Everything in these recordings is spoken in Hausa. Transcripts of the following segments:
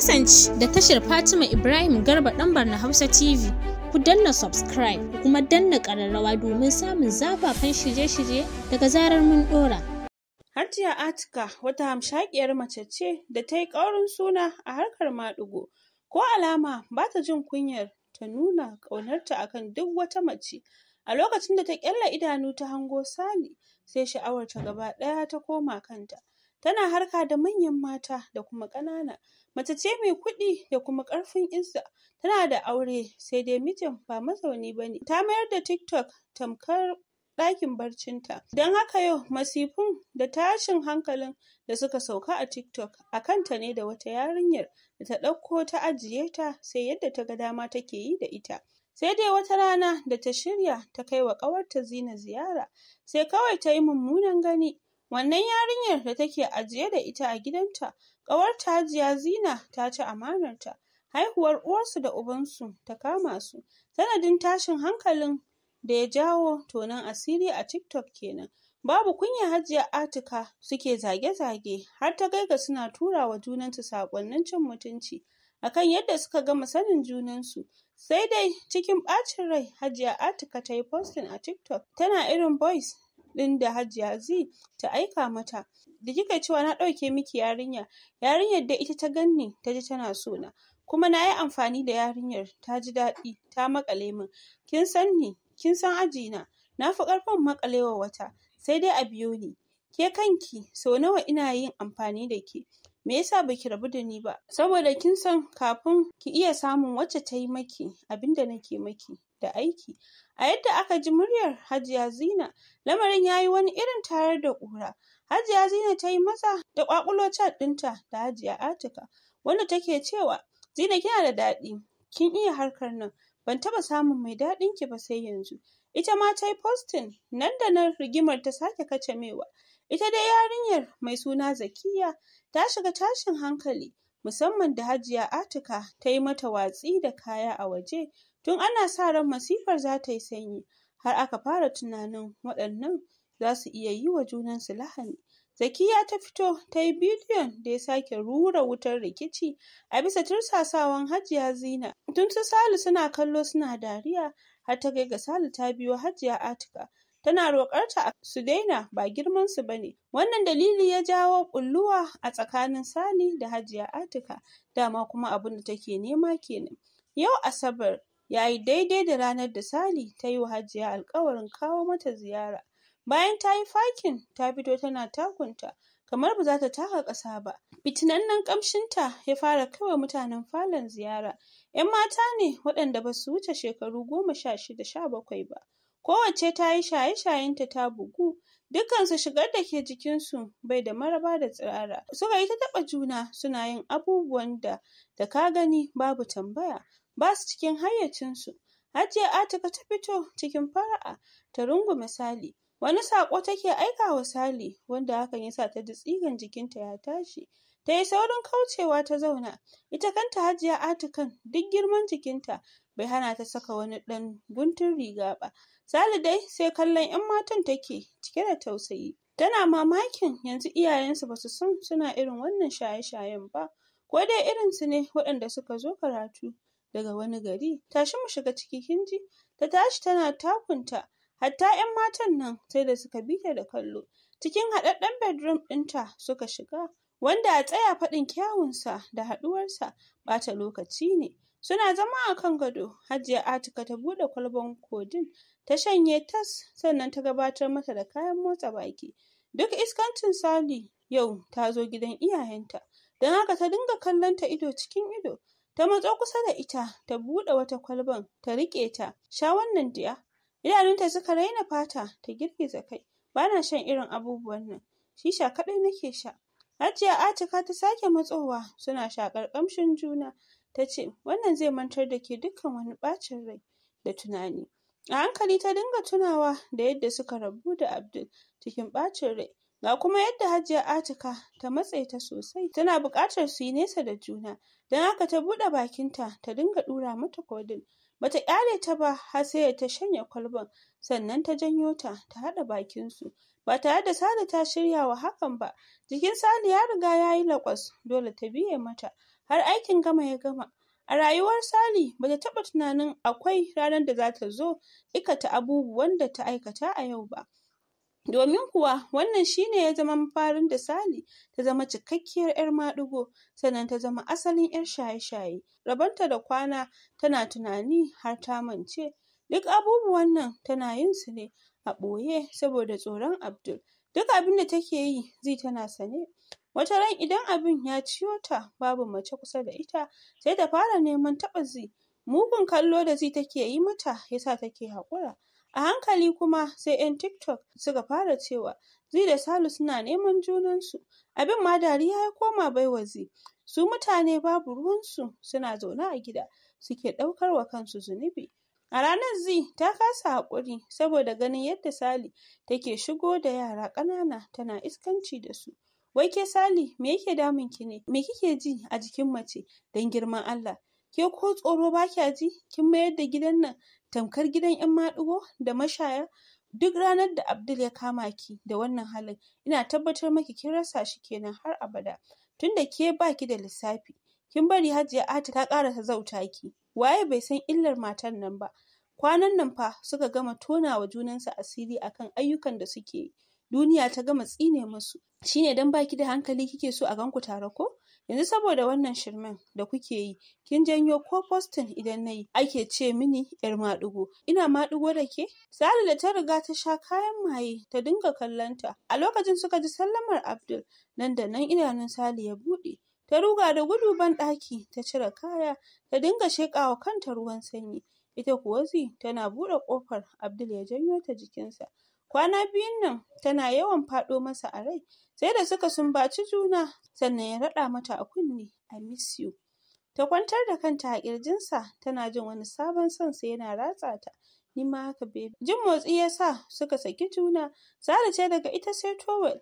kasance da tashar Fatima Ibrahim Garba ɗambar na Hausa TV. Ku danna subscribe kuma danna ƙararrawa domin samun zafafen shirye-shirye daga zarar mun ɗora. Har Atika wata hamshakiyar mace ce da ta yi ƙaurin suna a harkar maɗigo. Ko alama ba ta jin kunyar ta nuna ƙaunarta akan duk wata mace. A lokacin da ta ƙyalla idanu ta hango Sani sai sha'awar ta gaba ɗaya ta koma kanta. Tana harka da manyan mata da kuma ƙanana. Mace ce mai kuɗi da kuma ƙarfin isa Tana da aure sai dai mijin ba mazauni ba ne. Ta mayar da TikTok tamkar ɗakin ta Don haka yau masifun da tashin hankalin da suka sauka a TikTok a kanta ne da wata yarinyar da ta ɗauko ta ajiye ta sai yadda ta ga dama take yi da ita. Sai dai wata rana da ta shirya ta kai wa ƙawarta Zina ziyara sai kawai ta yi mummunan gani. Wannan yarinyar da take ajiye da ita a gidanta Ƙawarta Hajiya Zina ta ci amanarta, haihuwar uwarsu da ubansu ta kama su, sanadin tashin hankalin da ya jawo tonon asiri a TikTok kenan. Babu kunya Hajiya Atika suke zage-zage har ta gaiga suna tura wa junansu saƙonnin cin mutunci akan yadda suka gama sanin junansu. Sai dai cikin ɓacin rai Hajiya Atika ta yi posting a TikTok tana irin boys ɗin da Hajiya Z ta aika mata da kika cewa na ɗauke miki yarinya yarinyar da ita ta ganni ta ji tana so na kuma na yi amfani da yarinyar ta ji daɗi ta maƙale min kin san ni kin san aji na na fi ƙarfin wa wata sai dai a biyo ni ke kanki sau nawa ina yin amfani da ke me yasa baki rabu da ni ba saboda kin san kafin ki iya samun wacce ta yi maki abinda nake maki da aiki a yadda aka ji muryar hajiya zina lamarin ya yi wani irin tayar da ƙura Hajiya Zina ta yi masa da ƙwaƙulo cat ɗinta da Hajiya Atika wanda take cewa Zina kina da daɗi kin iya harkar nan ban taɓa samun mai daɗin ki ba sai yanzu. Ita ma ta yi postin nan da nan rigimar ta sake kacamewa. Ita dai yarinyar mai suna Zakiya ta shiga tashin hankali musamman da Hajiya Atika ta yi mata watsi da kaya a waje tun ana sa ran masifar za ta yi sanyi har aka fara tunanin waɗannan za su iya yi wa junansu lahani. Zakiya ta fito ta yi bidiyon da ya sake rura wutar rikici a bisa tursasawan Hajiya Zina. Tun su Salu suna kallo suna dariya har ta kai ga Salu ta biyo Hajiya Atika. Tana roƙar ta su daina ba girman su bane. Wannan dalili ya jawo kulluwa a tsakanin Sali da Hajiya Atika. Dama kuma abin da take nema kenan. Yau Asabar ya yi daidai da ranar da Sali ta yi wa Hajiya alƙawarin kawo mata ziyara. Bayan ta yi fakin, ta fito tana takunta, kamar ba za ta taka ƙasa ba. Fitinannen ta ya fara kaiwa mutanen falon ziyara. ‘Yan mata ne waɗanda ba su wuce shekaru goma sha shida sha bakwai ba. Kowacce ta yi shaye shayen ta ta bugu, dukkansu shigar da ke jikinsu bai da maraba da tsirara. Suka yi ta taɓa juna suna yin abubuwan da da ka gani babu tambaya, ba su cikin hayyacinsu. Hajiya Atika ta fito cikin fara'a ta rungume Sally. wani saƙo take aika wa Sally wanda hakan ya sa ta ji tsigan jikinta ya tashi ta yi saurin kaucewa ta zauna ita kanta hajiya atikan duk girman jikinta bai hana ta saka wani ɗan guntun riga ba Sally dai sai kallon 'yan matan take cike da tausayi tana mamakin yanzu iyayensu su san suna irin wannan shaye-shayen ba ko dai irinsu ne waɗanda suka zo karatu daga wani gari tashi mu shiga ciki kin ta tashi tana takunta hatta 'yan matan nan sai da suka bita da kallo cikin haɗaɗɗen bedroom ɗinta suka shiga wanda a tsaya faɗin kyawunsa da haɗuwarsa ɓata lokaci ne suna zama a kan gado hajiya atika ta buɗe kwalban kodin ta shanye tas sannan ta gabatar mata da kayan motsa baki duk iskancin sali yau ta zo gidan iyayenta don haka ta dinga kallon ta ido cikin ido ta matso kusa da ita ta buɗe wata kwalban ta riƙe ta sha wannan diya Idanunta suka raina fata ta girgiza kai. bana shan irin abubuwan nan. Shisha kaɗai nake sha. Hajiya Atika ta sake matsowa suna shakar kamshin juna. Ta ce, wannan zai mantar da ke dukkan wani bacin rai da tunani. A hankali ta dinga tunawa da yadda suka rabu da Abdul cikin bacin rai. Ga kuma yadda Hajiya Atika ta matse ta sosai, tana bukatar su yi nesa da juna, don haka ta buɗe bakinta ta dinga dura mata kodin. bata kyale ta ba har sai ta shanye kwalban sannan ta janyo ta ta haɗa bakin su ba tare da Sani ta shirya wa hakan ba jikin Sani ya riga ya yi lakwas dole ta biye mata har aikin gama ya gama a rayuwar Sani, bata taɓa tunanin akwai ranar da za ta zo ikata abubuwan da ta aikata a yau ba domin kuwa wannan shi ne ya zama mafarin da Sally ta zama cikakkiyar 'yar maɗigo sannan ta zama asalin 'yar shaye-shaye rabonta da kwana tana tunani har ta mance duk abubuwan nan tana yin su ne a ɓoye saboda tsoron Abdul duk abin da take yi zai tana sane wata ran idan abin ya ciyo ta babu mace kusa da ita sai ta fara neman taɓa zai mugun kallo da zai take yi mata yasa take haƙura A hankali kuma sai 'yan TikTok suka fara cewa Zai da Salu suna neman junansu. Abin ma dariya ya koma baiwa Su mutane babu ruwansu suna zaune a gida suke ɗaukar wa kansu zunubi. A ranar Zai ta kasa haƙuri saboda ganin yadda Sali take shigo da yara ƙanana tana iskanci da su. Wai ke Sali me yake damun ki ne? Me kike ji a jikin mace don girman Allah? Ke ko tsoro ba kya ji? Kin mayar da gidan nan tamkar gidan 'yan maɗigo da mashaya? Duk ranar da Abdul ya kama ki da wannan halin, ina tabbatar maki kin rasa shi kenan har abada. Tunda ke ba ki da lissafi, kin bari Hajiya Atika ta ƙarasa zauta ki. Waye bai san illar matar nan ba? Kwanan nan fa suka gama tonawa su asiri akan ayyukan da suke yi. Duniya ta gama tsine musu. Shine dan baki da hankali kike so a ganku tare ko? yanzu saboda wannan shirmen da kuke yi kin janyo ko postin idan nayi ake ce mini yar maɗigo ina maɗigo da ke sali da ta riga ta sha kayan maye ta dinga kallonta a lokacin suka ji sallamar abdul nan da nan idanun sali ya buɗe ta ruga da gudu ban ɗaki ta cire kaya ta dinga shekawa kanta ruwan sanyi ita kuwa zi tana buɗe ƙofar Abdul ya janyo ta jikinsa Kwana biyun nan tana yawan faɗo masa a rai, sai da suka sumbaci juna sannan ya raɗa mata a kunne I miss you. Ta kwantar da kanta a ƙirjinsa tana jin wani sabon son sai yana ratsa ta. Ni ma haka baby. Jin motsi ya sa suka saki juna, Sara ce daga ita sai towel.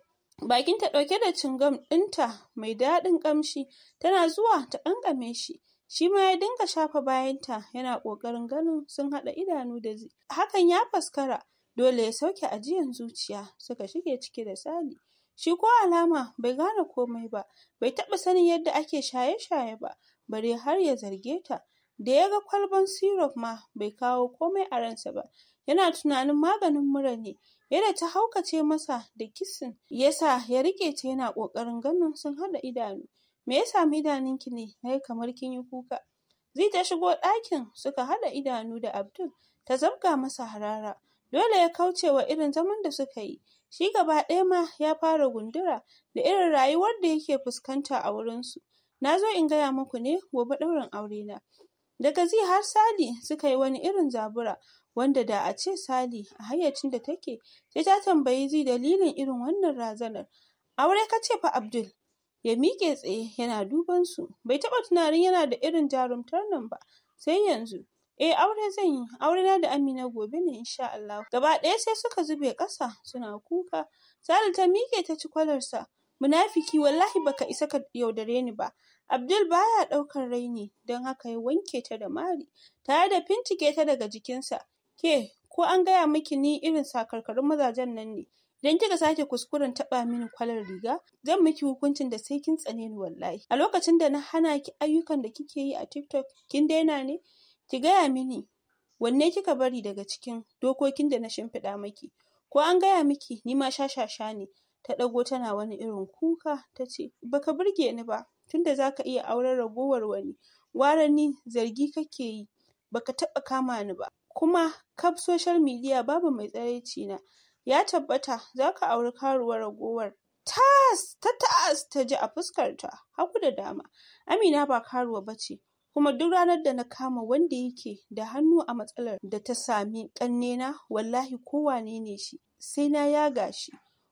ta ɗauke da cingam ɗinta mai daɗin ƙamshi, tana zuwa ta ƙanƙame shi. shi ma ya dinga shafa bayanta yana ƙoƙarin ganin sun haɗa idanu da hakan ya faskara Dole ya sauke ajiyan zuciya suka shige ciki da Sali. Shi ko alama bai gane komai ba, bai taɓa sanin yadda ake shaye-shaye ba, bare har ya zarge ta. Da ya ga kwalban syrup ma bai kawo komai a ransa ba, yana tunanin maganin mura ne. Yadda ta haukace masa da kisin yasa ya rike ta yana ƙoƙarin ganin sun haɗa idanu. Me ya sami ki ne? Ai kamar kin yi kuka. Zai ta shigo ɗakin suka haɗa idanu da Abdul ta zabga masa harara. Dole ya kauce wa irin zaman da suka yi, shi gaba ɗaya ma ya fara gundura da irin rayuwar da yake fuskanta a wurinsu. Na zo in gaya muku ne gobe ɗaurin aurena. Daga zi har sali suka yi wani irin zabura wanda da a ce sali a hayyacin da take sai ta tambayi zi dalilin irin wannan razanar. Aure ka ce fa Abdul ya miƙe tsaye yana duban su bai taɓa tunanin yana da irin jarumtar nan ba sai yanzu. Eh aure zan yi, Aure na da Amina gobe ne insha Allah. Gaba ɗaya sai suka zube ƙasa suna kuka. Sale ta mike ta ci kwalarsa. Munafiki wallahi baka isa ka yaudare ni ba. Abdul baya ɗaukar raini don haka ya wanke ta da mari tare da fintike ta daga jikinsa. Ke ko an gaya miki ni irin sakarkarun mazajen nan ne. Idan kika sake kuskuren taɓa mini kwalar riga, zan miki hukuncin da sai kin tsane ni wallahi. A lokacin da na hana ki ayyukan da kike yi a TikTok, kin daina ne? Ki gaya mini wanne kika bari daga cikin dokokin da na shimfiɗa maki? Ko an gaya miki ni ma shashasha ne? Ta ɗago tana wani irin kuka ta ce Ba ka burge ni ba tunda za ka iya auren ragowar wani gwara ni zargi kake yi ba ka taɓa kama ni ba. Kuma kaf social media babu mai tsaraici na. Ya tabbata za ka auri karuwar ragowar tas ta tas ta ji a fuskarta, ta hagu da dama. Amina ba karuwa ba ce. kuma duk ranar da na kama wanda yake da hannu a matsalar da ta sami ɗannena? wallahi kowane ne shi sai na yaga shi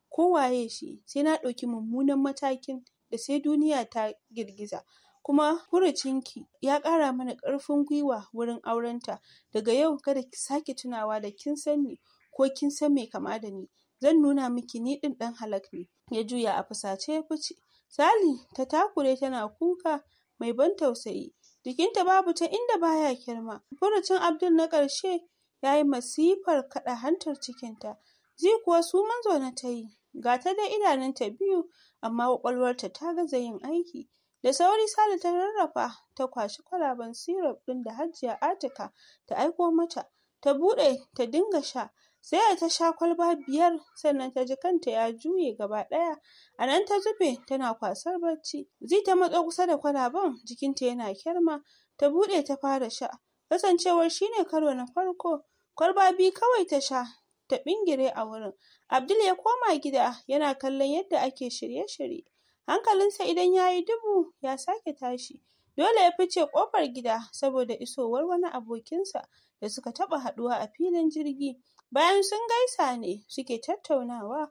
kowaye shi sai na ɗauki mummunan matakin da sai duniya ta girgiza kuma furucinki ya ƙara mana ƙarfin gwiwa wurin aurenta daga yau kada ki sake tunawa da kin san ni ko kin san mai kama da ni zan nuna miki ni ɗin ɗan halak ne ya juya a fusace ya fice sali ta takure tana kuka mai ban tausayi jikinta babu ta inda baya kirma. Furucin Abdul na ƙarshe ya yi masifar kada hantar cikinta. Zai kuwa su manzo ta yi. Ga ta da idanunta biyu amma kwakwalwarta ta gaza yin aiki. Da sauri Sale ta rarrafa ta kwashi kwalaben syrup ɗin da Hajiya Atika ta aiko mata. Ta buɗe ta dinga sha sai da ta sha kwalba biyar sannan ta ji kanta ya juye gaba ɗaya a nan ta zube tana kwasar barci zai ta matso kusa da kwalaben jikinta yana kyarma ta buɗe ta fara sha kasancewar shine karo na farko kwalba biyu kawai ta sha ta bingire a wurin Abdul ya koma gida yana kallon yadda ake shirye-shirye hankalinsa idan ya yi dubu ya sake tashi dole ya fice kofar gida saboda isowar wani abokinsa da suka taɓa haɗuwa a filin jirgi Bayan sun gaisa ne suke tattaunawa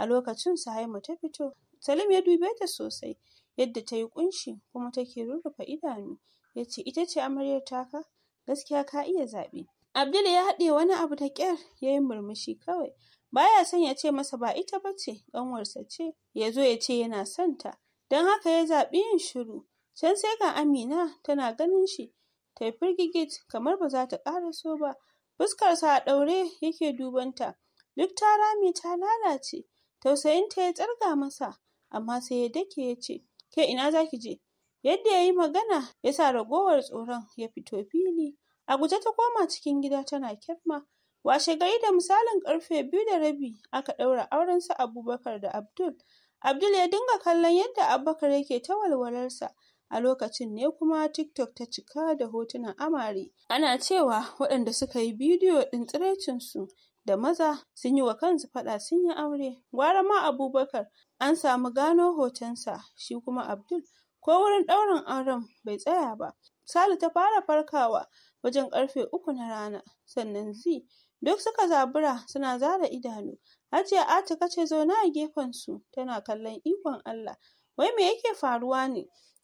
a lokacin Suhaima ta fito. Salim ya dube ta sosai yadda ta yi kunshi kuma take rurrufe idanu. Ya ce ita ce amaryar taka? Gaskiya ka iya zaɓe. Abdul ya haɗe wani abu da ƙyar ya yi murmushi kawai. Baya son ya ce masa ba ita ba ce ƙanwarsa ce. Ya zo ya ce yana son ta. Don haka ya zaɓi yin shiru. Can sai ga Amina tana ganin shi. Ta yi firgigit kamar ba za ta ƙara so ba. fuskarsa a ɗaure yake dubanta duk ta rami ta lalace tausayin ta ya tsirga masa amma sai ya dake ya ce ke ina zaki je yadda ya yi magana ya sa ragowar tsoron ya fito fili a guje ta koma cikin gida tana kirma washe gari da misalin karfe biyu da rabi aka ɗaura auren su abubakar da abdul abdul ya dinga kallon yadda abubakar yake ta walwalarsa A lokacin ne kuma TikTok ta cika da hotunan amare, ana cewa waɗanda suka yi bidiyo ɗin su da maza sun yi wa kansu faɗa sun yi aure, gwara ma Abubakar an samu gano hotonsa, shi kuma Abdul ko wurin ɗaurin auren bai tsaya ba. Sale ta fara farkawa wajen karfe uku na rana, sannan zi duk suka zabura suna zara idanu. Hajiya Atika ce zaune a gefen su tana kallon ikon Allah. Wai me yake faruwa ne?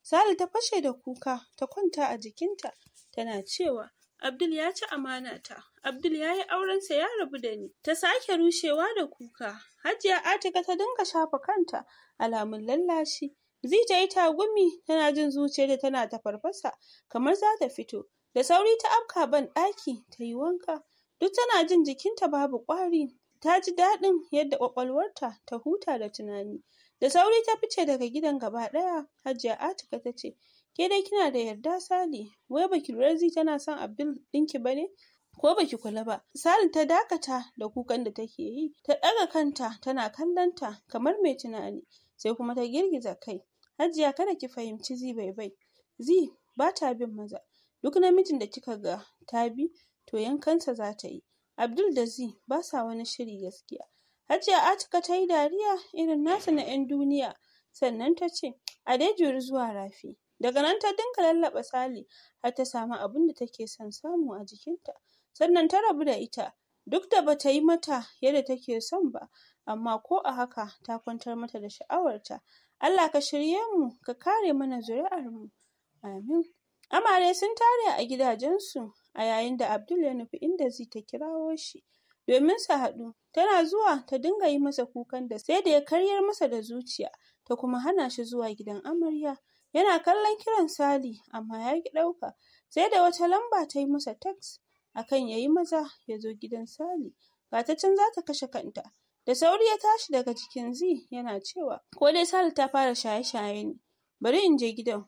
Sale ta fashe da kuka ta kwanta a jikinta tana cewa Abdul ya ci amana ta. Abdul ya yi aurensa ya rabu da ni. Ta sake rushewa da kuka. Hajiya Atika ta dinga shafa kanta alamun lallashi. Zai ta yi tagumi tana jin zuciyar da tana ta farfasa kamar za ta fito. Da sauri ta afka ban daki ta yi wanka. Duk tana jin jikinta babu kwari, Ta ji daɗin yadda kwakwalwarta ta huta da tunani. Da sauri ta fice daga gidan gaba ɗaya. Hajiya Atika ta ce, ke dai kina da yarda Sali, wai baki lura tana son Abdul ɗinki ba ne? Ko baki kula ba. Sali ta dakata da kukan da take yi, ta ɗaga kanta tana kallon ta kamar mai tunani, sai kuma ta girgiza kai. Hajiya kada ki fahimci Zi bai bai. Zi ba ta bin maza. Duk namijin da kika ga ta bi, to yankansa za ta yi. Abdul da Zi ba sa wani shiri gaskiya. Hajiya Atika ta yi dariya irin nasa na 'yan duniya, sannan ta ce, a dai juri zuwa rafi. Daga nan ta dinga lallaɓa Sally har ta samu abin da take son samu a jikinta, sannan ta rabu da ita. Duk da bata yi mata yadda take son ba, amma ko a haka ta kwantar mata da sha'awarta. Allah ka shirye mu, ka kare mana zuri'ar mu, Amin. Amare sun tare a gidajensu a yayin da Abdul ya nufi inda zai ta kirawo shi. domin su haɗu. Tana zuwa ta dinga yi masa kukan da sai da ya karyar masa da zuciya ta kuma hana shi zuwa gidan amarya. Yana kallon kiran sali amma ya ki ɗauka sai da wata lamba ta yi masa a akan ya yi maza ya zo gidan sali Ga ta can za ta kashe kanta. Da sauri ya tashi daga cikin zi yana cewa ko dai Sally ta fara shaye-shaye ne bari in je gidan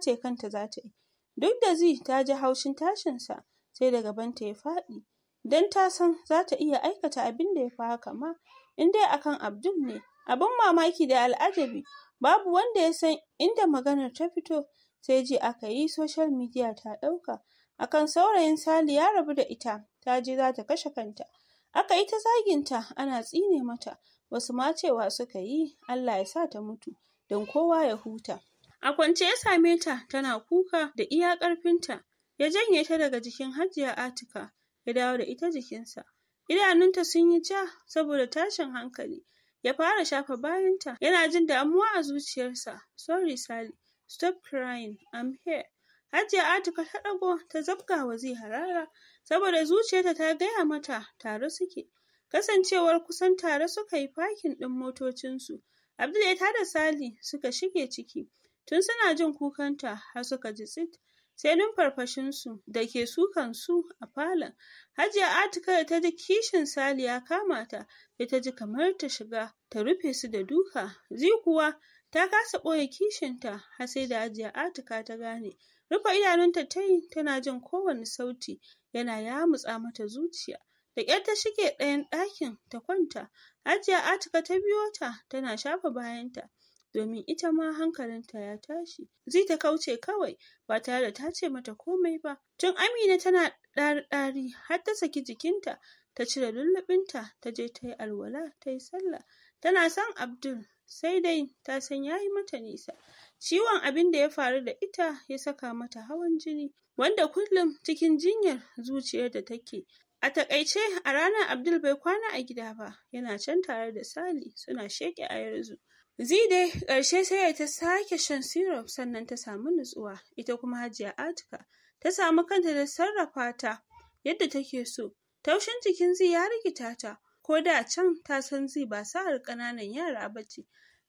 ce kanta za ta yi. Duk da zi ta ji haushin tashinsa sai da ta ya faɗi. don ta san za ta iya aikata abin da ya fi haka ma in dai akan Abdul ne. Abin mamaki da al'ajabi babu wanda ya san inda maganar ta fito sai ji aka yi social media ta ɗauka akan saurayin Sali ya rabu da ita ta ji za ta kashe kanta. Aka yi ta zaginta ana tsine mata wasu macewa suka yi Allah ya sa ta mutu don kowa ya huta. A kwance ya same ta tana kuka da iya ƙarfinta ya janye ta daga jikin Hajiya Atika ya dawo da ita jikinsa. Idanunta sun yi ja saboda tashin hankali. Ya fara shafa bayanta, yana jin damuwa a zuciyarsa. Sorry Sally, stop crying, I'm here. Hajiya Atika ta ɗago ta zabga wa zai harara, saboda zuciyarta ta gaya mata tare suke. Kasancewar kusan tare suka yi fakin ɗin motocinsu. Abdul ya da Sally suka shige ciki. Tun suna jin kukanta har suka ji tsit. sai su da ke sukan su a falon. Hajiya Atika ta ji kishin Sali ya kama ta, sai ta ji kamar ta shiga, ta rufe su da duka. Zi kuwa ta kasa ɓoye kishinta, har sai da Hajiya Atika ta gane. Rufe idanunta ta yi tana jin kowane sauti yana yamutsa mata zuciya. Da ƙyar ta shige ɗayan ɗakin ta kwanta, Hajiya Atika ta biyo ta tana shafa bayanta. domin ita ma hankalinta ya tashi. Zai ta kauce kawai ba tare da ta ce mata komai ba. Tun Amina tana ɗari-ɗari har ta saki jikinta, ta cire lullubinta, ta je ta yi alwala, ta yi sallah. Tana son Abdul, sai dai ta san ya yi mata nisa. Ciwon abin da ya faru da ita ya saka mata hawan jini, wanda kullum cikin jinyar zuciyar da take. A takaice a ranar Abdul bai kwana a gida ba, yana can tare da Sali suna sheke a yarzu zi-dai ƙarshe sai ta sake shan syrup sannan ta samu nutsuwa ita kuma Hajiya Atika ta samu kanta da sarrafa ta yadda take so taushin jikin zai ya rikita ta ko da can ta san zai ba sa har ƙananan yara bace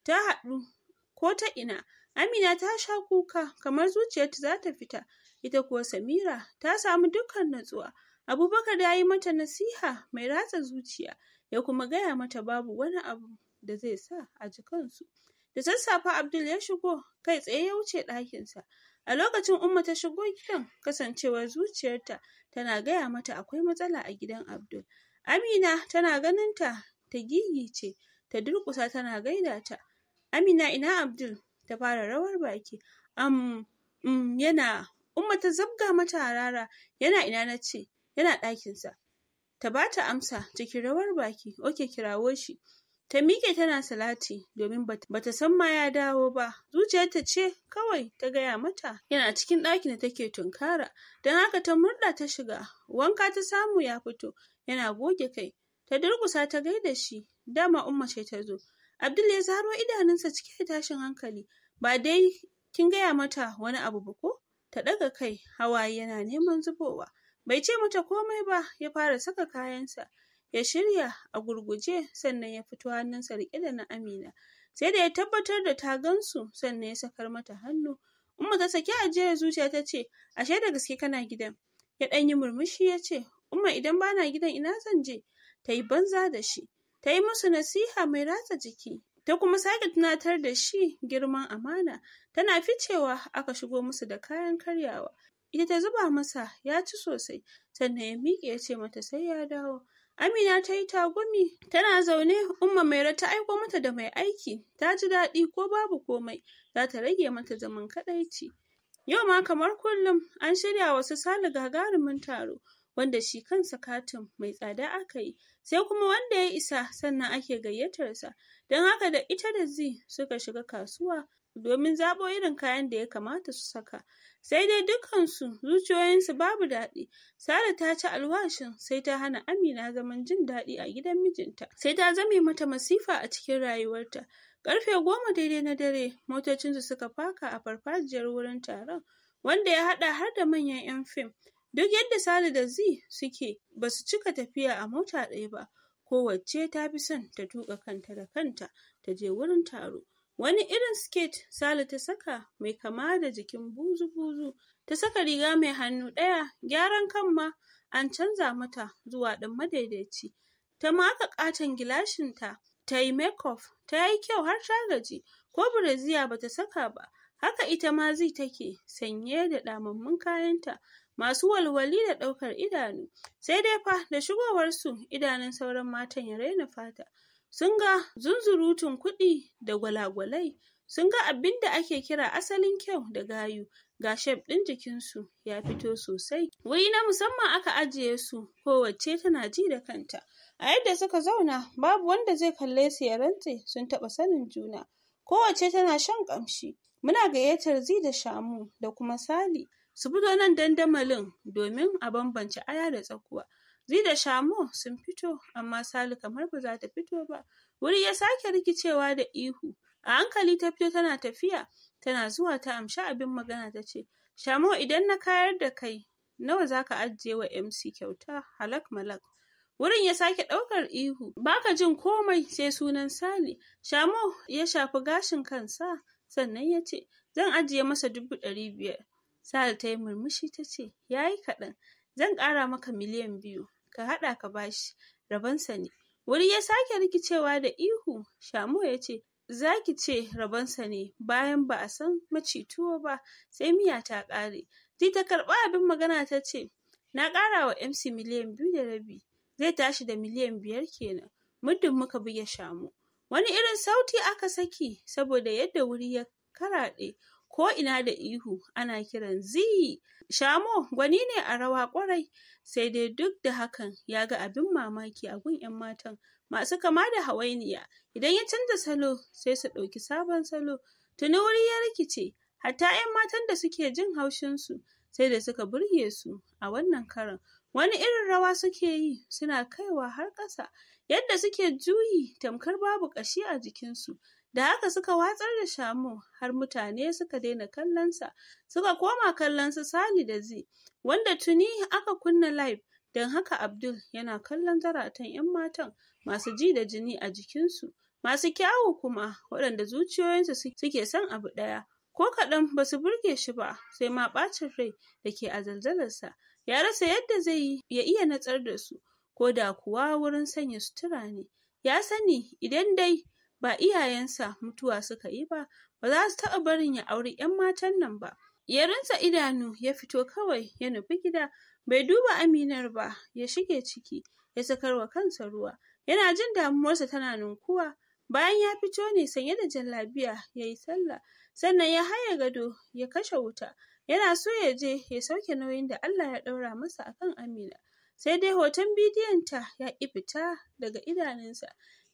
ta haɗu ko ta ina Amina ta sha kuka kamar zuciyarta za ta fita ita kuwa Samira ta samu dukkan natsuwa Abubakar ya yi mata nasiha mai ratsa zuciya ya kuma gaya mata babu wani abu da zai sa a jikansu. Da sassafe Abdul ya shigo kai tsaye ya wuce ɗakinsa. A lokacin Umma ta shigo gidan kasancewar zuciyarta tana gaya mata akwai matsala a gidan Abdul. Amina tana ganin ta ta gigice ta durƙusa tana gaida ta. Amina ina Abdul ta fara rawar baki. Am um, yana Umma ta zabga mata harara yana ina na ce yana ɗakinsa. Ta bata amsa cikin rawar baki, oke kirawo shi. ta miƙe tana salati domin bata san ma ya dawo ba zuciyarta ce kawai ta gaya mata yana cikin ɗakin da take tunkara don haka ta murɗa ta shiga wanka ta samu ya fito yana goge kai ta durƙusa ta gaida shi dama umma ce ta zo abdul ya zaro idanunsa cike da tashin hankali ba dai kin gaya mata wani abu ba ko ta ɗaga kai hawaye yana neman zubowa bai ce mata komai ba ya fara saka kayansa ya shirya a gurguje sannan ya fito hannunsa rike da na Amina. Sai da ya tabbatar da ta gansu sannan ya sakar mata hannu. Umma ta saki ajiyar zuciya ta ce, ashe da gaske kana gidan. Ya ɗan yi murmushi ya ce, Umma idan bana gidan ina zan je? Ta yi banza da shi. Ta yi musu nasiha mai ratsa jiki. Ta kuma sake tunatar da shi girman amana. Tana ficewa aka shigo musu da kayan karyawa. Ita ta zuba masa ya ci sosai. Sannan ya miƙe ya ce mata sai ya dawo. Amina ta yi tagumi, tana zaune, Umma Mairo ta aiko mata da mai aiki, ta ji daɗi ko babu komai, za ta rage mata zaman kaɗaici. Yau ma kamar kullum an shirya wasu sali gagarumin taro, wanda shi kansa katin mai tsada aka yi, sai kuma wanda ya isa sannan ake gayyatar sa, Don haka da ita da zi suka shiga kasuwa domin zaɓo irin kayan da ya kamata su saka. sai dai dukkansu zuciyoyinsu babu daɗi Sara ta ci alwashin sai ta hana Amina zaman jin daɗi a gidan mijinta sai ta zame mata masifa a cikin rayuwarta karfe goma daidai na dare motocinsu suka faka a farfajiyar wurin taron wanda ya haɗa har da manyan 'yan fim duk yadda Sale da Zi suke ba su cika tafiya a mota ɗaya ba kowacce ta fi son ta tuka kanta da kanta ta je wurin taro Wani irin siket Sale ta saka mai kama da jikin buzu-buzu, ta saka riga mai hannu ɗaya, gyaran kan ma an canza mata zuwa dan madaidaici. Ta maka katon gilashin ta yi makeup, ta yi kyau har ta gaji, ko bireziya ba ta saka ba. Haka ita ma zai take, sanye da ɗamammun ta masu walwali da ɗaukar idanu. Sai dai fa da shigowarsu idanun sauran matan ya raina fata. sun ga zunzurutun kuɗi da gwalagwalai sun ga abin da ake kira asalin kyau da gayu ga shef ɗin jikinsu ya fito sosai wai na musamman aka ajiye su kowacce tana ji da kanta a yadda suka zauna babu wanda zai kalle su ya rantse sun taɓa sanin juna kowacce tana shan kamshi, muna gayyatar zi da shamu da kuma sali su fito nan dandamalin domin a bambance aya da tsakuwa Ri da Shamu sun fito, amma Sali kamar ba za ta fito ba. Wuri ya sake rikicewa da ihu. A hankali ta fito tana tafiya, tana zuwa ta amshi abin magana ta ce, Shamu idan na kayar da kai, nawa za ka ajiye wa MC kyauta halak malak. Wurin ya sake ɗaukar ihu, baka jin komai sai sunan Sali. Shamu ya shafi gashin kansa, sannan ya ce, Zan ajiye masa dubu ɗari biyar. Sali ta yi murmushi ta ce, Ya yi kaɗan, zan ƙara maka miliyan biyu. ka haɗa ka bashi rabansa ne wuri ya sake rikicewa da ihu shamu ya ce za ki ce rabansa ne bayan ba a san macituwo ba sai miya ta ƙare ji ta karɓa abin magana ta ce na ƙara wa mc miliyan biyu da rabi zai tashi da miliyan biyar kenan muddin muka buge shamu wani irin sauti aka saki saboda yadda wuri ya karaɗe ko ina da ihu ana kiran zi Shamo gwani ne a rawa kwarai, sai dai duk da hakan ya ga abin mamaki a gun 'yan matan masu kama da hawainiya. Idan ya canza salo sai su ɗauki sabon salo. Tuni wuri ya rikice, hatta 'yan matan da suke jin haushinsu sai da suka burge su a wannan karon. Wani irin rawa suke yi suna kaiwa har ƙasa, yadda suke juyi tamkar babu ƙashi a jikinsu. da haka suka watsar da shamu har mutane suka daina kallonsa suka koma kallon su sali da zi wanda tuni aka kunna live don haka abdul yana kallon zaratan 'yan matan masu ji da jini a jikinsu masu kyawu kuma waɗanda zuciyoyinsu suke son abu ɗaya ko kaɗan ba su burge shi ba sai ma ɓacin rai da ke a zalzalarsa ya rasa yadda zai ya iya natsar da su ko da kuwa wurin sanya sutura ne ya sani idan dai ba iyayensa mutuwa suka yi ba ba za su taɓa barin ya auri 'yan matan nan ba Yarinsa idanu ya fito kawai ya nufi gida bai duba aminar ba ya shige ciki ya sakarwa kansa ruwa yana jin damuwarsa tana ninkuwa bayan ya fito ne sanye da jallabiya ya yi sallah sannan ya haye gado ya kashe wuta yana so ya je ya sauke nauyin da Allah ya ɗaura masa akan Amina sai dai hoton bidiyon ta ya ƙi fita daga idanunsa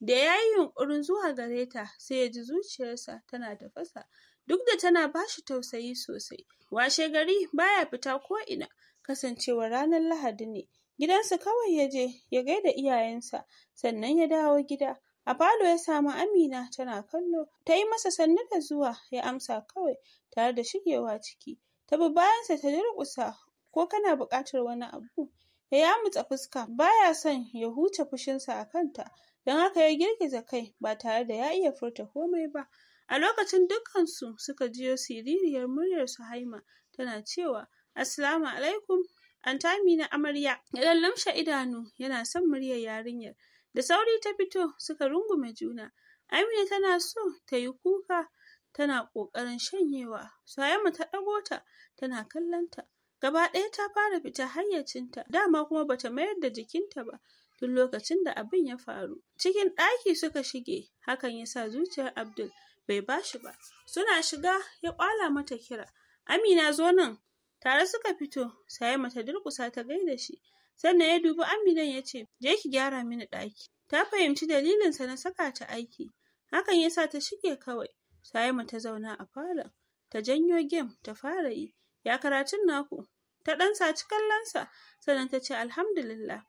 Da ya yi yunƙurin zuwa gare ta sai ya ji zuciyarsa tana tafasa duk da tana ba shi tausayi sosai. Washe gari baya fita ko ina. kasancewar ranar Lahadi ne. Gidansa kawai ya je ya gaida iyayensa sannan ya dawo gida. A falo ya samu Amina tana kallo, ta yi masa sannu da zuwa ya amsa kawai tare da shigewa ciki. Ta bi bayansa ta durƙusa ko kana buƙatar wani abu. Ya yamutsa fuska baya son ya huce fushinsa a kanta. don haka ya girgiza kai ba tare da ya iya furta komai ba a lokacin dukkansu suka jiyo siririyar muryar su haima tana cewa Assalamu alaikum Antami na amarya ya lamshe idanu yana son muryar yarinyar da sauri ta fito suka rungume juna Amina tana so ta yi kuka tana ƙoƙarin shanyewa Suhaima ta ɗago ta tana kallon ta gaba ɗaya ta fara fita hayyacinta dama kuma bata mayar da jikinta ba tun lokacin da abin ya faru. Cikin ɗaki suka shige, hakan ya sa zuciyar Abdul bai bashi ba. Suna shiga ya kwala mata kira. Amina zo nan. Tare suka fito, saye mata durƙusa ta gaida shi. Sannan ya dubi Aminan ya ce, "Je ki gyara mini ɗaki." Ta fahimci dalilinsa na saka ta aiki. Hakan ya sa ta shige kawai. Sai mata zauna a falon. Ta janyo game ta fara yi. Ya karatun naku. Ta ɗan saci kallonsa, sannan ta ce, "Alhamdulillah."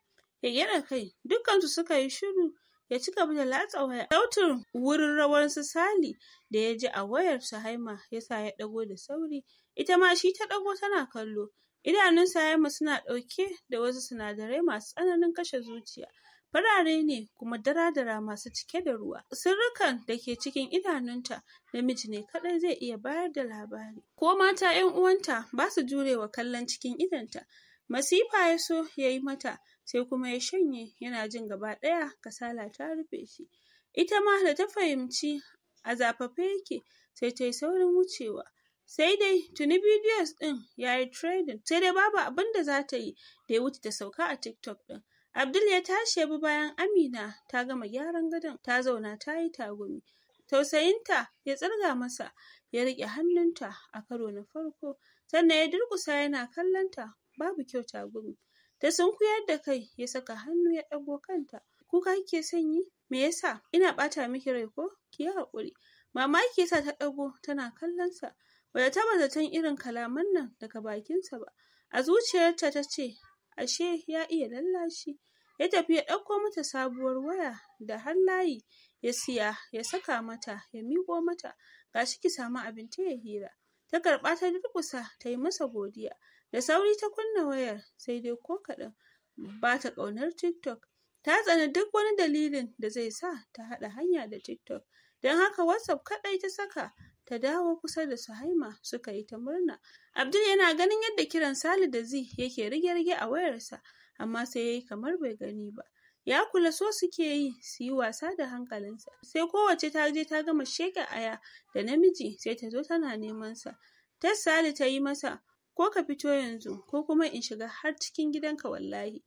ya gyara kai dukkansu suka yi shiru ya ci gaba da latsa waya sautin wurin rawar su sali da ya ji a wayar su haima ya sa ya dago da sauri ita ma shi ta dago tana kallo idanun haima suna dauke da wasu sinadarai masu tsananin kashe zuciya farare ne kuma dara-dara masu cike da ruwa sirrukan da ke cikin idanunta namiji ne kadai zai iya bayar da labari ko mata yan uwanta ba su jurewa kallon cikin idanta masifa ya so ya yi mata sai kuma ya shanye yana jin gaba ɗaya kasala ta rufe shi ita ma da ta fahimci a zafafe yake sai ta yi saurin wucewa sai dai tuni bidiyos ɗin ya yi trading sai dai babu abin da za ta yi da ya wuce ta sauka a tiktok ɗin abdul ya tashi ya bi bayan amina ta gama gyaran gadon ta zauna ta yi tagumi tausayinta ya tsirga masa ya riƙe hannunta a karo na farko sannan ya durƙusa yana kallonta babu kyau tagumi Ta sunkuyar da kai ya saka hannu ya ɗago kanta. Kuka kike sanyi? Me yasa? Ina ɓata miki rai ko? Ki yi haƙuri. Mamaki yasa ta ɗago tana kallonsa. sa. Bata taɓa zaton irin kalaman nan daga bakinsa ba. A zuciyarta ta ce, ashe ya iya lallashi. Ya tafi ya ɗauko mata sabuwar waya da har layi ya siya ya saka mata ya miko mata gashi ki samu abin ta ya hira. Ta karɓa ta durƙusa ta yi masa godiya. Da sauri ta kunna wayar sai dai ko kaɗan ba ta ƙaunar TikTok. Ta tsani duk wani dalilin da zai sa ta haɗa hanya da TikTok. Don haka WhatsApp kaɗai ta saka ta dawo kusa da Suhaima suka yi ta murna. Abdul yana ganin yadda kiran Sali da Zi yake rige-rige a wayarsa amma sai yayi kamar bai gani ba. ya kula so suke yi su yi wasa da hankalinsa sai kowace ta je ta gama sheka aya da namiji sai ta zo tana neman sa tassali ta yi masa ko ka fito yanzu ko kuma in shiga har cikin gidanka wallahi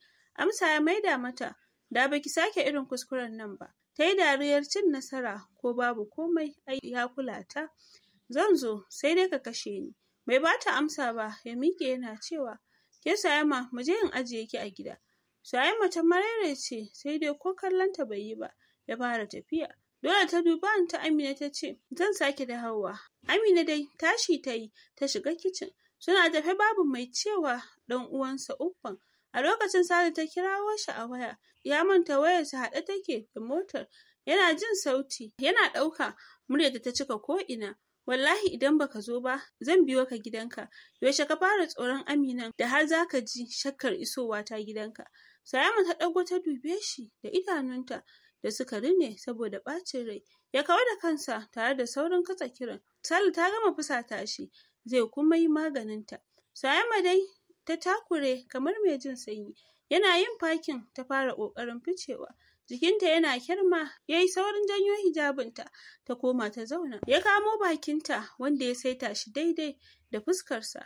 amsa ya maida mata da baki sake irin kuskuren nan ba ta yi dariyar cin nasara ko babu komai ai ya kula ta zan zo sai dai ka kashe ni bai bata amsa ba ya miƙe yana cewa ke sayama mu je in ajiye ki a gida sayama ta marere ce sai dai ko kallonta bai yi ba ya fara tafiya dole ta duba ta amina ta ce zan sake dawowa amina dai tashi ta yi ta shiga kicin Suna tafe babu mai cewa ɗan uwansa uffan. A lokacin Sale ta kirawo shi a waya, ya manta wayarsa haɗe take da motar. Yana jin sauti, yana ɗauka, muryarta ta cika ko'ina. Wallahi idan baka zo ba, zan biyo ka gidanka. Yaushe ka fara tsoron Aminan da har za ka ji shakkar isowa ta gidanka. Sayama ta dago ta dube shi da idanunta da suka rine saboda ɓacin rai. Ya kawo da kansa tare da saurin katsa kiran. Sale ta gama fusata shi, zai kuma yi maganin ta Sayama dai ta takure kamar mai jin sanyi. Yana yin fakin ta fara ƙoƙarin ficewa. Jikinta yana kirma, ya yi saurin janyo hijabinta, ta koma ta zauna. Ya kamo bakinta wanda ya saita shi daidai da fuskarsa.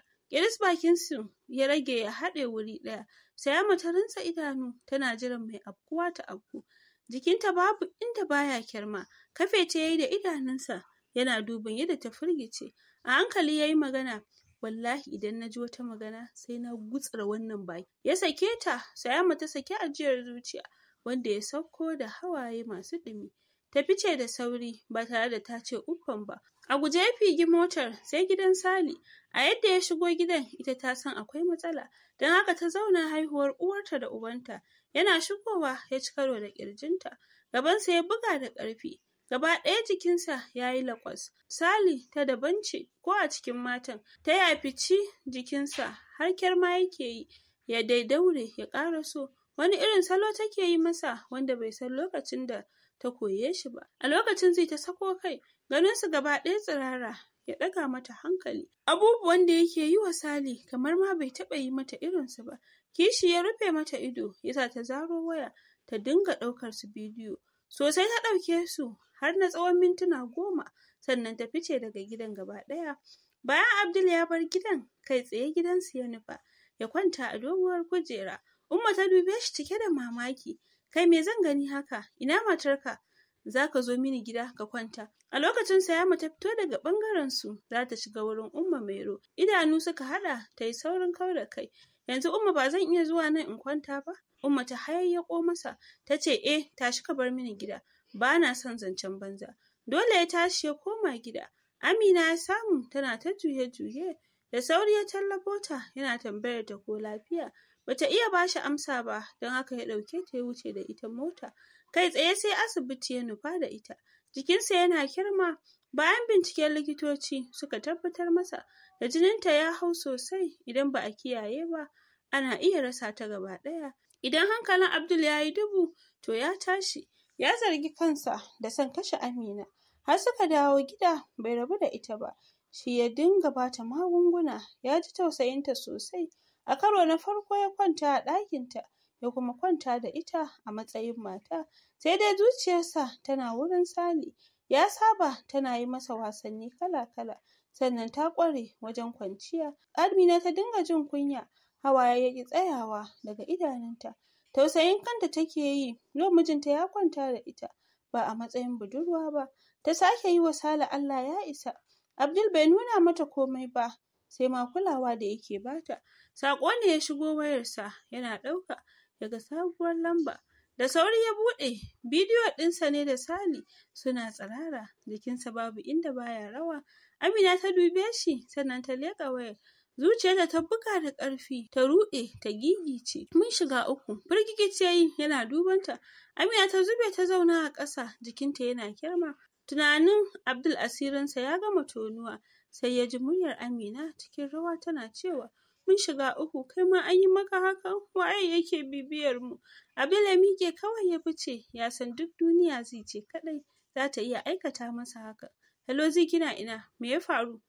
bakin su ya rage ya haɗe wuri ɗaya. Sayama ta rinsa idanu tana jiran mai afkuwa ta afku. Jikinta babu inda baya kirma, kafe ta yayi da idanunsa yana dubin yadda ta firgice. a hankali ya yi magana wallahi idan na ji wata magana sai na gutsara wannan baki ya sake ta sayama ta sake ajiyar zuciya wanda ya sauko da hawaye masu ɗumi ta fice da sauri ba tare da ta ce uffan ba a guje ya figi motar sai gidan sali a yadda ya shigo gidan ita ta san akwai matsala don haka ta zauna haihuwar uwarta da ubanta yana shigowa ya ci karo da kirjinta gabansa ya buga da ƙarfi Gaba ɗaya jikinsa ya yi lakwas. Sally ta daban ce ko a cikin matan, ta yafi ci jikinsa har ma yake yi, ya daidaure ya ƙara so. Wani irin salo take yi masa wanda bai san lokacin da ta koye shi ba. A lokacin zai ta sako kai, Ganinsu gaba ɗaya tsirara ya ɗaga mata hankali. Abubuwan da yake yi wa Sally kamar ma bai taɓa yi mata irinsu ba. Kishi ya rufe mata ido, yasa ta zaro waya ta dinga ɗaukar su bidiyo. Sosai ta ɗauke su har na tsawon mintuna goma sannan ta fice daga gidan gaba ɗaya. Bayan Abdul ya bar gidan kai tsaye gidansu ya nufa ya kwanta a doguwar kujera. Umma ta dube shi cike da mamaki. Kai me zan gani haka? Ina matarka? Za ka zo mini gida ka kwanta. A lokacin sa ya ta fito daga ɓangaren su za ta shiga wurin Umma Mairo. Idanu suka haɗa ta yi saurin kau kai. yanzu umma ba zan iya zuwa nan in kwanta ba umma ta hayayyako masa ta ce eh tashi ka bar mini gida ba na son zancen banza dole ya tashi ya koma gida amina ya samu tana ta juye-juye da sauri ya tallabo ta yana tambayar ta ko lafiya bata iya bashi amsa ba don haka ya ɗauke ta ya wuce da ita mota kai tsaye sai asibiti ya nufa da ita jikinsa yana kirma Bayan binciken likitoci suka tabbatar masa da jininta ya hau sosai idan ba a kiyaye ba, ana iya rasa ta gaba ɗaya. Idan hankalin Abdul ya yi dubu, to ya tashi, ya zargi kansa da son kashe Amina. Har suka dawo gida bai rabu da ita ba, shi ya dinga bata magunguna, ya ji tausayinta sosai. A karo na farko ya kwanta a ɗakinta, ya kuma kwanta da ita a matsayin mata, sai dai zuciyarsa tana wurin Sale. Ya saba tana yi masa wasanni kala-kala, sannan ta ƙware wajen kwanciya. Amina ta dinga jin kunya, hawaye ya ƙi tsayawa daga idanunta. Tausayin kanta take yi, yau mijinta ya kwanta da ita, ba a matsayin budurwa ba. Ta sake yi wa Sale Allah ya isa. Abdul bai nuna mata komai ba, sai ma kulawa da yake bata. Saƙo ne ya shigo wayarsa, yana ɗauka daga sabuwar lamba. Da sauri ya bude, bidiyo dinsa ne da Sally suna tsirara, jikinsa babu inda baya rawa. Amina ta dube shi sannan ta leƙa wayar. Zuciyarta ta buga da ƙarfi, ta rude, ta gigice. Mun shiga uku. Firgigice yayi yana dubanta. Amina ta zube ta zauna a ƙasa, jikinta yana kirma. Tunanin Abdul asirinsa ya gama tonuwa, sai ya ji muryar Amina cikin rawa tana cewa mun shiga uku kai ma an yi maka haka waye yake bibiyar mu abel mike kawai ya fice ya san duk duniya zai ce kadai za ta iya aikata masa haka hello zai kina ina me ya faru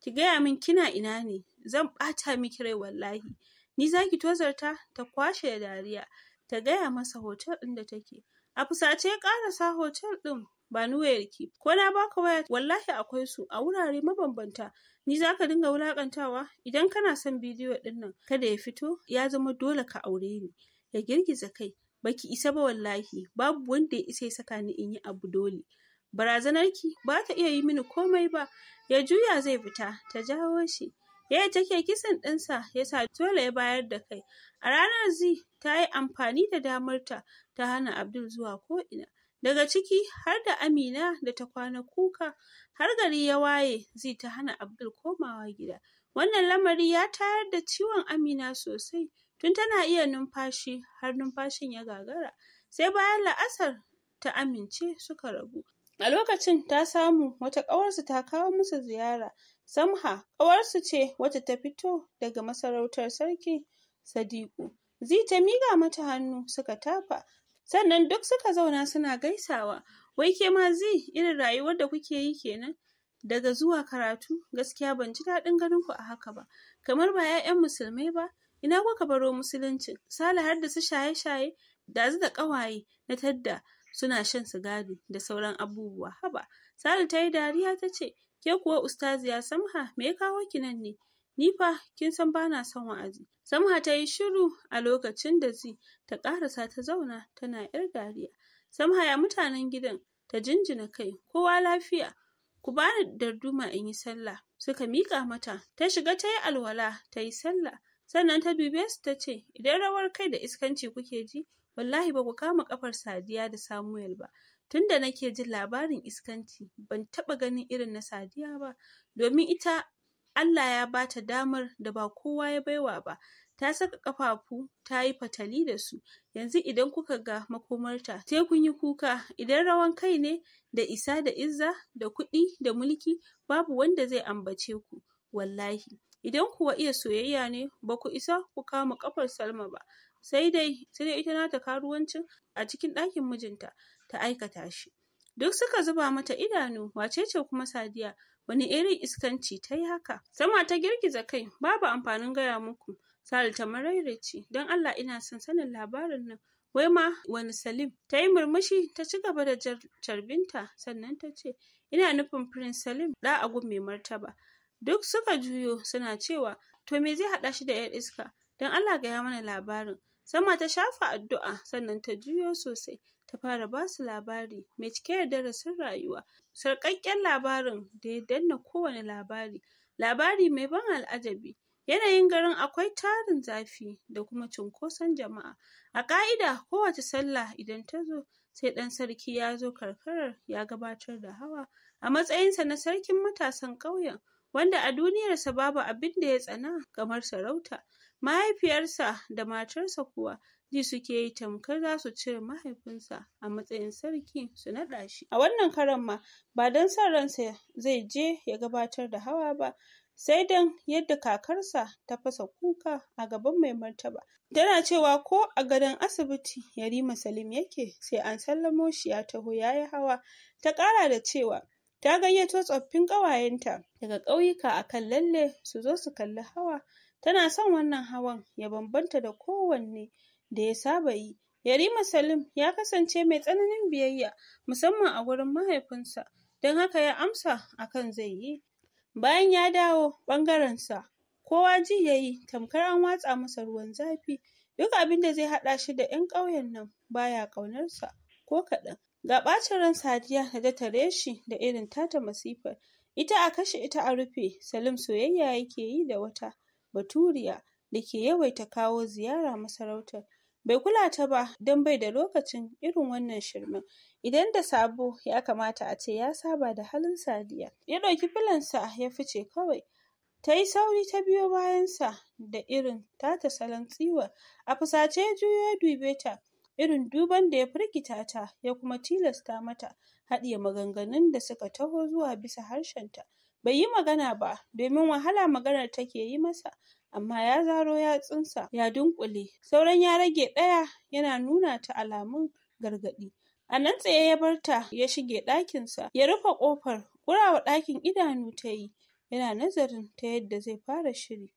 ki gaya min kina ina ne zan bata miki rai wallahi ni zaki tozarta ta kwashe dariya ta gaya masa hotel ɗin da take a fusace ya karasa hotel ɗin ba wayarki ko na baka waya wallahi akwai su a wurare mabambanta ni za ka dinga wulaƙantawa. idan kana son bidiyo ɗin nan kada ya fito ya zama dole ka aure ni ya girgiza kai baki isa ba wallahi babu wanda ya isa ya saka ni in yi abu dole barazanarki ba ta iya yi mini komai ba ya juya zai fita ta jawo shi ya take kisan ɗinsa ya sa dole ya bayar da kai a ranar zi ta yi amfani da damarta ta hana abdul zuwa ko'ina daga ciki har da Amina da ta kwana kuka har gari ya waye zai ta hana Abdul komawa gida. Wannan lamari ya tayar da ciwon Amina sosai tun tana iya numfashi har numfashin ya gagara. Sai bayan la'asar ta amince suka rabu. A lokacin ta samu wata ƙawarsu ta kawo musu ziyara. Samha ƙawarsu ce wata ta fito daga masarautar sarki Sadiku. Zai ta miƙa mata hannu suka tafa sannan duk suka zauna suna gaisawa wai ke ma zi irin rayuwar da kuke yi kenan daga zuwa karatu gaskiya ban ji daɗin ganin ku a haka ba kamar ba 'ya'yan musulmai ba ina kuka baro musulunci sale har da su shaye-shaye da da ƙawaye na tadda suna shan sigari da sauran abubuwa haba sale ta yi dariya ta ce ke kuwa ustaziya samha me ya kawo ki nan ne Ni fa kin san bana son wa'azi. Samha ta yi shiru a lokacin da zai ta karasa ta zauna tana yar dariya. Samha ya mutanen gidan ta jinjina kai kowa lafiya. Ku ba bani darduma in yi sallah. Suka mika mata ta shiga ta yi alwala ta yi sallah. Sannan ta dube su ta ce idan rawar kai da iskanci kuke ji wallahi ba ku kama kafar Sadiya da Samuel ba. Tunda nake jin labarin iskanci ban taba ganin irin na Sadiya ba domin ita Allah ya ba ta damar da ba kowa ya baiwa ba ta saka kafafu ta yi fatali da su yanzu idan kuka ga makomarta sai kun yi kuka idan rawan kai ne da isa da izza da kuɗi da mulki babu wanda zai ambace ku wallahi idan kuwa iya soyayya ne ba ku isa ku kama kafar salma ba sai dai sai dai ita nata karuwancin a cikin ɗakin mijinta ta aikata shi duk suka zuba mata idanu wacece kuma sadiya wani irin iskanci ta yi haka sama ta girgiza kai babu amfanin gaya muku sal ta marairici don allah ina son sanin labarin nan wai ma wani salim ta yi murmushi ta ci gaba da carbinta sannan ta ce ina nufin prince salim da a mai martaba duk suka juyo suna cewa to me zai haɗa shi da yar iska don allah gaya mana labarin Sama ta shafa addu'a sannan ta juyo sosai ta fara ba su labari mai cike da darasin rayuwa. Sarkakken labarin da ya danna kowane labari, labari mai ban al'ajabi. Yanayin garin akwai tarin zafi da kuma cunkoson jama'a. A ƙa'ida kowace sallah idan ta zo sai ɗan sarki ya zo karkarar ya gabatar da hawa a matsayinsa na sarkin matasan ƙauyen wanda a duniyarsa babu abin da ya tsana kamar sarauta. mahaifiyarsa da matarsa kuwa ji suke yi tamkar za su cire mahaifinsa a matsayin sarki su naɗa shi a wannan karan ma ba don son ransa zai je ya gabatar da hawa ba sai dan yadda kakarsa ta fasa kuka a gaban mai martaba tana cewa ko a gadon asibiti yarima salim yake sai an sallamo shi ya taho ya yi hawa ta ƙara da cewa ta gayyato tsoffin ƙawayenta daga ƙauyuka akan lalle su zo su kalli hawa Tana son wannan hawan ya bambanta da kowanne da ya saba yi. Yarima Salim ya kasance mai tsananin biyayya musamman a gurin mahaifinsa, don haka ya amsa akan zai yi. Bayan ya dawo ɓangarensa, kowa ji ya yi tamkar an watsa masa ruwan zafi. Duk abin da zai haɗa shi da ‘yan ƙauyen nan baya ƙaunarsa ko kaɗan. Ga ɓacin ran Sadiya da ta shi da irin tata masifar. Ita a kashe ita a rufe, Salim soyayya yake yi da wata baturiya da ke yawaita kawo ziyara masarautar. Bai kula ta ba don bai da lokacin irin wannan shirmen. Idan da sabo ya kamata a ce ya saba da halin Sadiya. Ya ɗauki filansa ya fice kawai. Ta yi sauri ta biyo bayansa da irin tata salon tsiwa. A fusace ya juyo ya dube ta. Irin duban da ya firgita ta ya kuma tilasta mata haɗiye maganganun da suka taho zuwa bisa harshenta. bai yi magana ba domin wahala maganar take yi masa amma ya zaro ya yatsunsa ya dunkule sauran ya rage ɗaya yana nuna ta alamun gargadi. a nan tsaye ya barta ya shige ɗakinsa ya rufe ƙofar ƙurawa ɗakin idanu ta yi yana nazarin ta yadda zai fara shiri